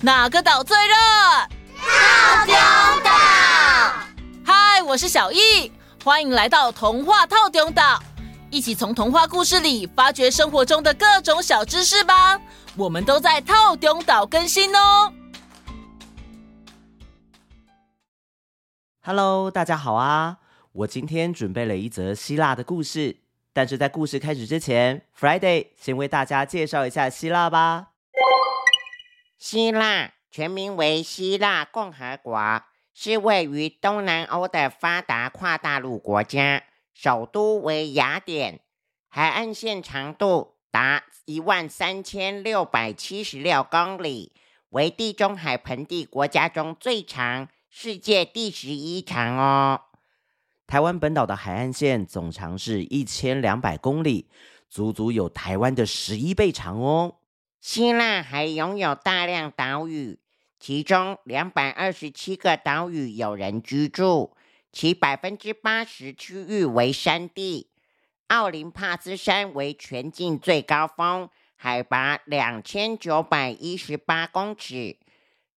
哪個島最熱？套頂島。嗨，我是小易，歡迎來到童話套頂島，一起從童話故事裡發掘生活中的各種小知識吧。我們都在套頂島更新哦。Hello，大家好啊！我今天準備了一則希臘的故事，但是在故事開始之前，Friday 先為大家介紹一下希臘吧。希臘，全名為希臘共和國，是位於東南歐的發達跨大陸國家，首都為雅典，海岸線長度達一萬三千六百七十六公里，為地中海盆地國家中最長，世界第十一長哦。台灣本島的海岸線總長是一千兩百公里，足足有台灣的十一倍長哦。希臘還擁有大量島嶼，其中兩百二十七個島嶼有人居住，其百分之八十區域為山地。奧林帕斯山為全境最高峰，海拔兩千九百一十八公尺。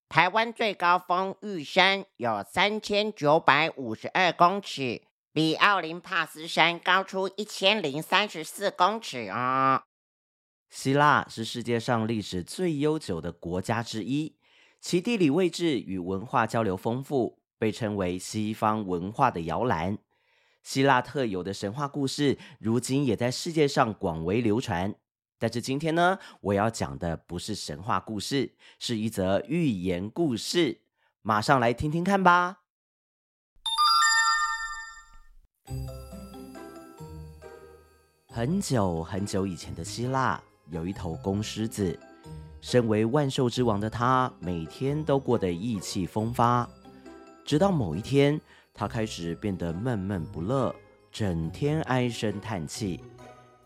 台灣最高峰玉山有三千九百五十二公尺，比奧林帕斯山高出一千零三十四公尺哦。希臘是世界上歷史最悠久的國家之一，其地理位置與文化交流豐富，被稱為西方文化的搖籃。希臘特有的神話故事如今也在世界上廣為流傳。但是今天呢，我要講的不是神話故事，是一則寓言故事。馬上來聽聽看吧。很久很久以前的希臘。有一頭公獅子，身為萬獸之王的他，每天都過得意氣風發。直到某一天，他開始變得悶悶不樂，整天唉聲嘆氣，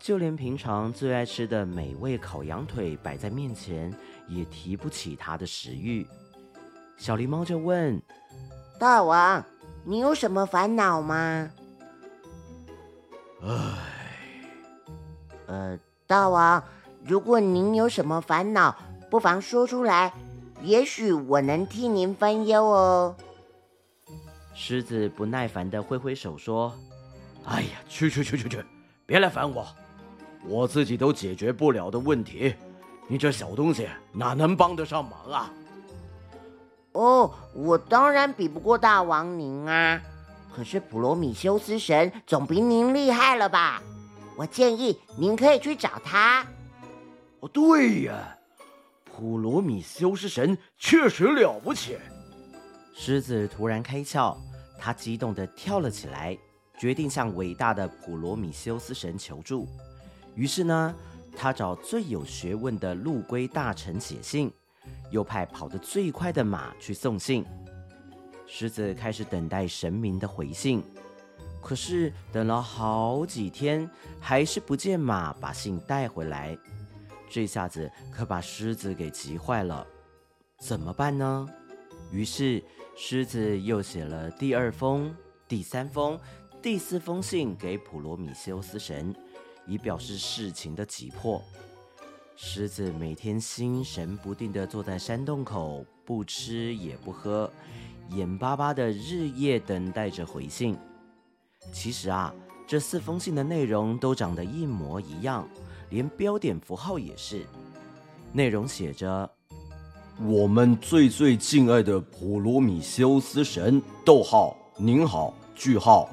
就連平常最愛吃的美味烤羊腿擺在面前，也提不起他的食欲。小狸貓就問：“大王，你有什麼煩惱嗎？”唉，呃，大王。如果您有什麼煩惱，不妨說出來，也許我能替您分憂哦。獅子不耐煩的揮揮手說：“哎呀，去去去去去，別來煩我，我自己都解決不了的問題，你這小東西哪能幫得上忙啊？”哦，我當然比不過大王您啊，可是普羅米修斯神總比您厲害了吧？我建議您可以去找他。對呀，普羅米修斯神確實了不起。獅子突然開竅，他激動地跳了起來，決定向偉大的普羅米修斯神求助。於是呢，他找最有學問的陸龜大臣寫信，又派跑得最快的馬去送信。獅子開始等待神明的回信，可是等了好幾天，還是不見馬把信帶回來。這下子可把獅子給急壞了，怎麼辦呢？於是，獅子又寫了第二封、第三封、第四封信給普羅米修斯神，以表示事情的急迫。獅子每天心神不定地坐在山洞口，不吃也不喝，眼巴巴的日夜等待着回信。其實啊，這四封信的內容都長得一模一樣。連標點符號也是，內容寫着：“我們最最敬愛的普羅米修斯神，逗號，您好，句號，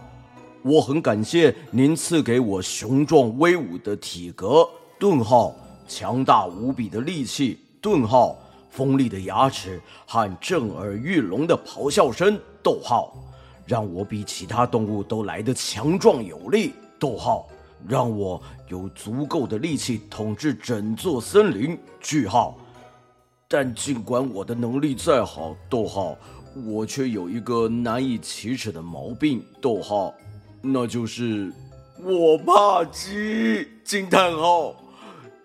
我很感謝您賜給我雄壯威武的體格，頓號，強大無比的力氣，頓號，鋒利的牙齒和震耳欲聾的咆哮聲，逗號，讓我比其他動物都來得強壯有力，逗號。”讓我有足夠的力氣統治整座森林。句號，但盡管我的能力再好，逗號，我卻有一個難以啟齒的毛病。逗號，那就是我怕雞。驚嘆號，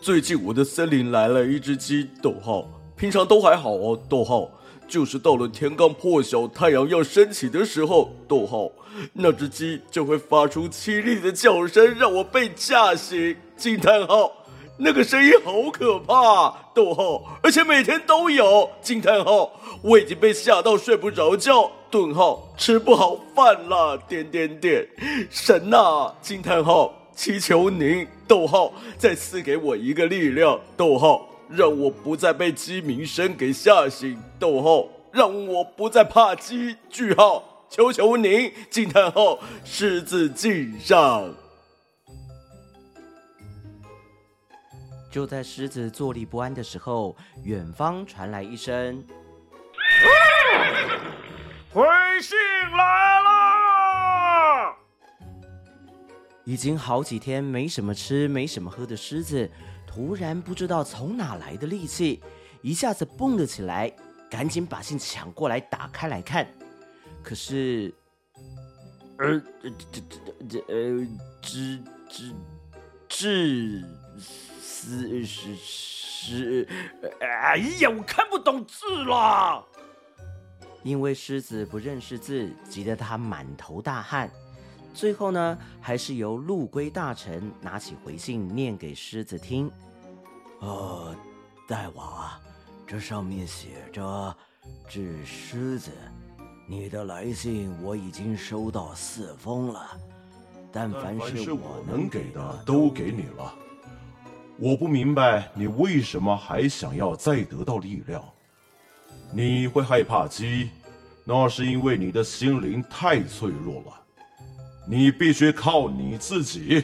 最近我的森林來了一隻雞。逗號，平常都還好哦。逗號。就是到了天剛破曉，太陽要升起的時候，逗號，那只雞就會發出淒厲的叫聲，讓我被嚇醒。驚嘆號，那個聲音好可怕！逗號，而且每天都有。驚嘆號，我已經被嚇到睡不着覺。頓號，吃不好飯啦，點點點，神吶、啊！驚嘆號，祈求您，逗號，再賜給我一個力量。逗號。讓我不再被雞鳴聲給嚇醒。逗號，讓我不再怕雞。句號，求求您。驚嘆號，獅子敬上。就在獅子坐立不安的時候，遠方傳來一聲：“啊、回信來了！”已經好幾天沒什麼吃、沒什麼喝的獅子。突然不知道從哪來的力氣，一下子蹦了起來，趕緊把信搶過來打開來看。可是，呃，呃呃呃這呃，字字字，獅獅獅，哎呀、啊，我看不懂字啦，因為獅子不認識字，急得他滿頭大汗。最後呢，還是由陸龜大臣拿起回信念給獅子聽。呃、哦，大王啊，這上面寫着：“致獅子，你的來信我已經收到四封了，但凡，是但凡是我能給的都給你了。我不明白你為什麼還想要再得到力量。你會害怕雞，那是因為你的心靈太脆弱了。”你必須靠你自己，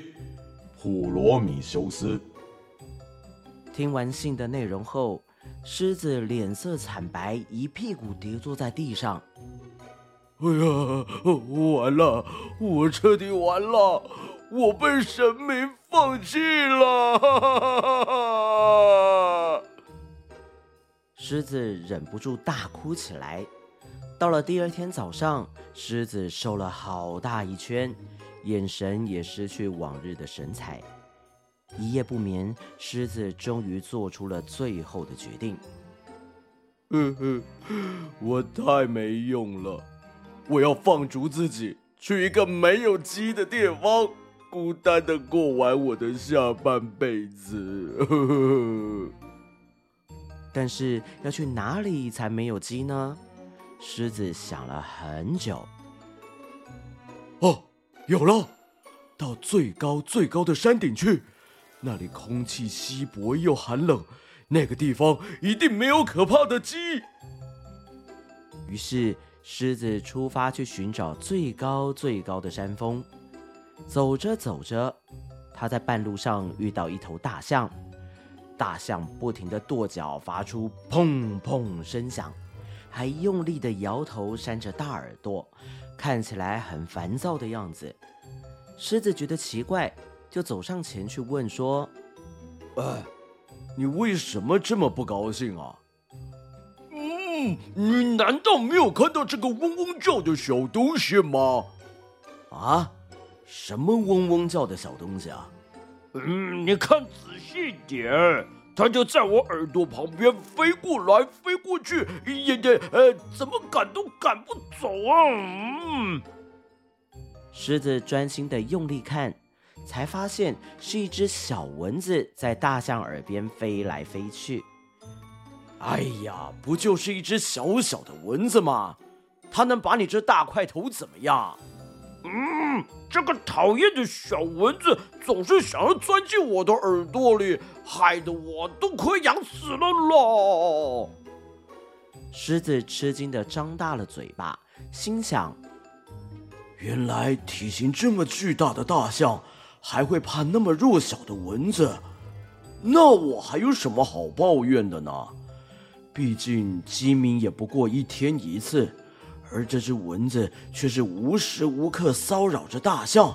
普羅米修斯。聽完信的內容後，獅子臉色慘白，一屁股跌坐在地上。哎呀，我完了！我徹底完了！我被神明放棄了！ 獅子忍不住大哭起來。到了第二天早上，獅子瘦了好大一圈，眼神也失去往日的神采。一夜不眠，獅子終於做出了最後的決定。呵呵，我太沒用了，我要放逐自己，去一個沒有雞的地方，孤單的過完我的下半輩子。呵 呵。但是要去哪裡才沒有雞呢？獅子想了很久，哦，有了，到最高最高的山頂去，那裡空氣稀薄又寒冷，那個地方一定沒有可怕的雞。於是，獅子出發去尋找最高最高的山峰。走着走着，他在半路上遇到一頭大象，大象不停地跺腳，發出砰砰聲響。還用力地搖頭扇着大耳朵，看起來很煩躁的樣子。獅子覺得奇怪，就走上前去問說：“哎、啊，你為什麼這麼不高興啊？”“嗯，你難道沒有看到這個嗡嗡叫的小東西嗎？”“啊，什麼嗡嗡叫的小東西啊？”“嗯，你看仔細點。”它就在我耳朵旁邊飛過來飛過去，哎呀呀呃，怎麼趕都趕不走啊！嗯、獅子專心地用力看，才發現是一只小蚊子在大象耳邊飛來飛去。哎呀，不就是一只小小的蚊子嗎？它能把你這大塊頭怎麼樣？嗯。這個討厭的小蚊子總是想要鑽進我的耳朵裡，害得我都快癢死了囉！獅子吃驚地張大了嘴巴，心想：原來體型這麼巨大的大象還會怕那麼弱小的蚊子，那我還有什麼好抱怨的呢？畢竟雞鳴也不過一天一次。而這隻蚊子卻是無時無刻騷擾着大象。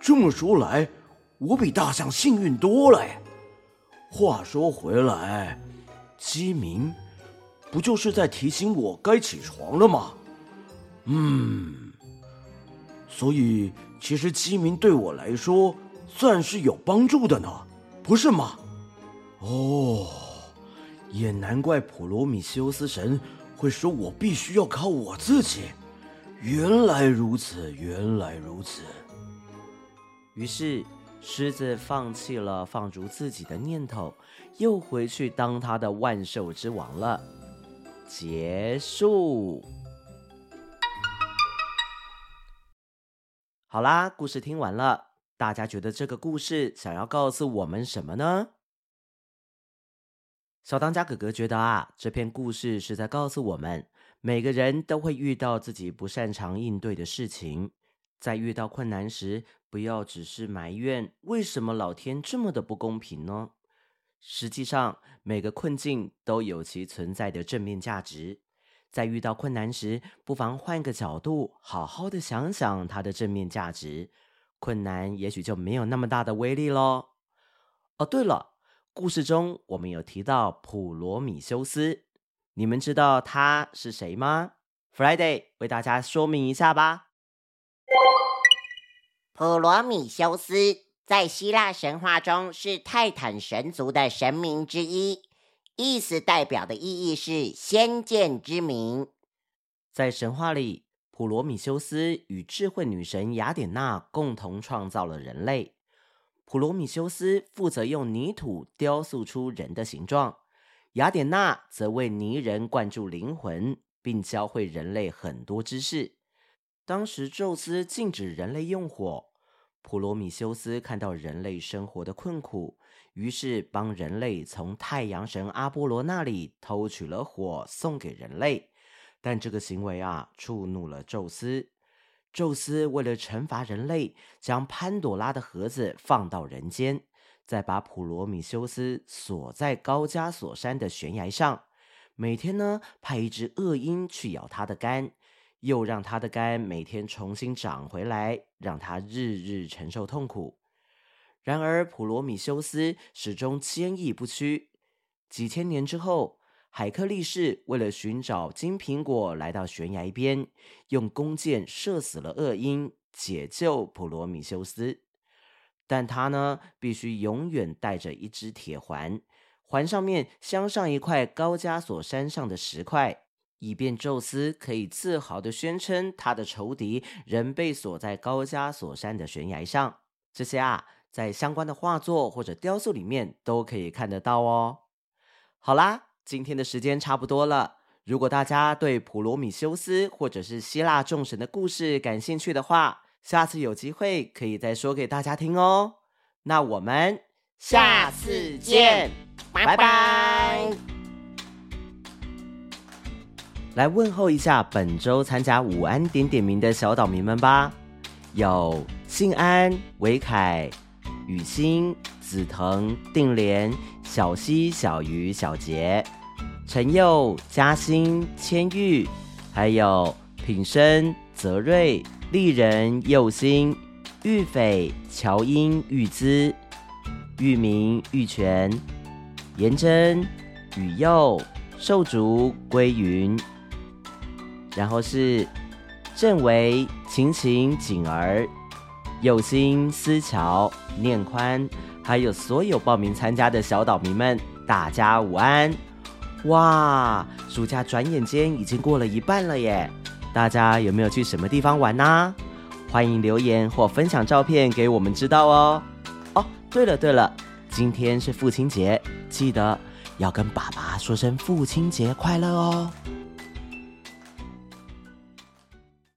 這麼說來，我比大象幸運多了哎。話說回來，雞鳴不就是在提醒我該起床了嗎？嗯，所以其實雞鳴對我來說算是有幫助的呢，不是嗎？哦，也難怪普羅米修斯神，會說：“我必須要靠我自己。”原來如此，原來如此。於是，獅子放棄了放逐自己的念頭，又回去當他的萬獸之王了。結束。好啦，故事聽完了，大家覺得這個故事想要告訴我們什麼呢？小當家哥哥覺得啊，這篇故事是在告訴我們，每個人都會遇到自己不擅長應對的事情，在遇到困難時，不要只是埋怨，為什麼老天這麼的不公平呢？實際上，每個困境都有其存在的正面價值，在遇到困難時，不妨換個角度，好好的想想它的正面價值，困難也許就沒有那麼大的威力咯。哦，對了。故事中我們有提到普羅米修斯，你們知道他是誰嗎？Friday 為大家說明一下吧。普羅米修斯在希臘神話中是泰坦神族的神明之一，意思代表的意義是先見之明。在神話裡，普羅米修斯與智慧女神雅典娜共同創造了人類。普羅米修斯負責用泥土雕塑出人的形狀，雅典娜則為泥人灌注靈魂，並教會人類很多知識。當時，宙斯禁止人類用火。普羅米修斯看到人類生活的困苦，於是幫人類從太陽神阿波羅那裡偷取了火，送給人類。但這個行為啊，觸怒了宙斯。宙斯為了懲罰人類，將潘朵拉的盒子放到人間，再把普羅米修斯鎖在高加索山的懸崖上，每天呢派一隻惡鷹去咬他的肝，又讓他的肝每天重新長回來，讓他日日承受痛苦。然而，普羅米修斯始終堅毅不屈。幾千年之後。海克力士為了尋找金蘋果，來到懸崖邊，用弓箭射死了惡鷹，解救普羅米修斯。但他呢，必須永遠帶着一隻鐵環，環上面鑲上一塊高加索山上的石塊，以便宙斯可以自豪的宣稱他的仇敵仍被鎖在高加索山的懸崖上。這些啊，在相關的畫作或者雕塑裡面都可以看得到哦。好啦。今天的時間差不多了，如果大家對普羅米修斯或者是希臘眾神的故事感興趣的話，下次有機會可以再說給大家聽哦。那我們下次見，拜拜。拜拜，來問候一下本週參加午安點點名的小島民們吧，有信安、維凱、雨欣、紫藤、定蓮。小溪、小魚小、小杰、陳佑、嘉欣、千玉，還有品生、澤瑞、麗人、佑星、玉斐、喬英、玉姿、玉名、玉泉、顏真、雨佑、瘦竹、歸雲，然後是正為晴晴、景兒、右心思念、思喬、念寬。還有所有報名參加的小島民們，大家午安！哇，暑假轉眼間已經過了一半了耶！大家有沒有去什麼地方玩呢？歡迎留言或分享照片給我們知道哦。哦，對了對了，今天是父親節，記得要跟爸爸說聲父親節快樂哦。